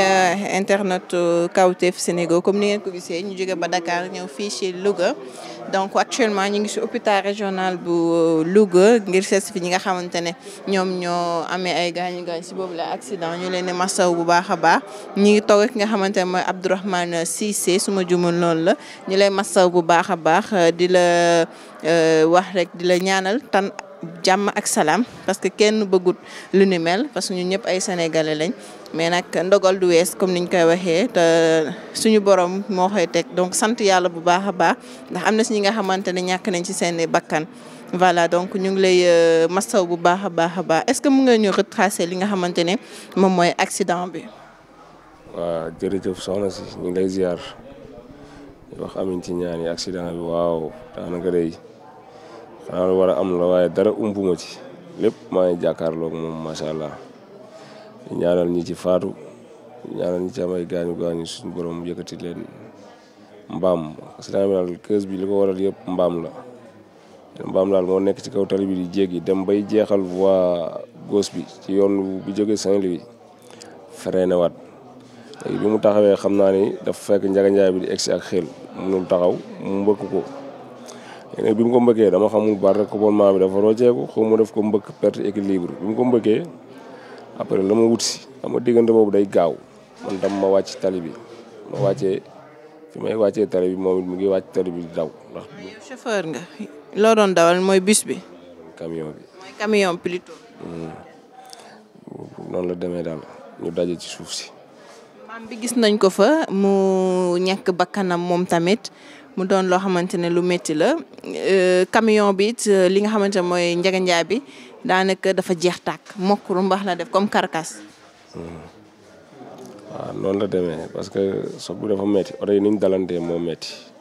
Euh, internet euh, Kawtef Sénégal comme ni ngeen ko gisee ñu jóge ba Dakar ñëw fii ci Louga donc actuellement ñu ngi si hôpital régional bu euh, Louga ngir seet fi ñi nga xamante ne ñoom ñoo amee ay gaañu gaañ si boobu la accident ñu leen di masaw bu baax a baax ñu ngi toog ki nga xamante ne mooy Abdourahmane Cissé su ma jumul loolu la ñu lay massaw bu baax a baax di la wax rek di la ñaanal tan jàmm ak salaam parce que kenn bëggut lu ni mel parce que ñu ñëpp ay sénégalais lañ mais nag ndogal du wees comme niñ koy waxee te suñu borom moo koy teg donc sant yàlla bu baax a baax ndax am na si ñi nga xamante ne ñàkk nañ ci seen bakkan voilà donc ñu ngi lay euh, mastaw bu baax a baax a baax est-ce que mu nga ñu retracer li nga xamante ne moom mooy accident bi. waaw jërëjëf soxna si ñu ngi lay ziar wax amiin ci ñaan accident bi waaw daanaka day. maa am la waaye dara umpuma ci lépp maa ngi jàkkaarloog moom macha allah ñaanal ñi ci faatu ñaanal ñi ci am ay gaañu gaañu suñu borom yëkkati leen mbaam silaamlaal kees bi li ko waral yëpp mbaam la mbaam daal moo nekk ci kaw tali bi di jéggi dem bay jeexal voie gauche bi ci yoon bi jóge Saint-Louis freiné waat léegi bi mu taxawee xam naa ni dafa fekk njaganjaay bi di egsi ak xel munul taxaw mu mbëkk ko léegi bi mu ko mbëkkee dama xamul bar rek couponnement bi dafa rocceeku xaw ma def ko mbëkk perte équilibre bi mu ko mbëkkee après la ma wut si ama diggante boobu day gaaw man tam wàcc tali bi ma wàccee fi may wàccee tali bi moom mu ngi wàcc tali bi daw ndax. chauffeur nga loo doon dawal mooy bis bi. camion bi mooy camion plutôt. Hmm. noonu la demee daal ñu daje ci suuf si. nañ ko fa mu ñàkk bakkanam moom tamit. mu doon loo xamante ne lu métti la euh, camion bi it euh, li nga xamante ne mooy njaganjaay bi daanaka dafa jeex tàkk mokk ru mbaax la def comme carcasse. waaw hmm. ah, noonu la demee parce que soog bi dafa métti oto yi ni ñu dalantee moo métti.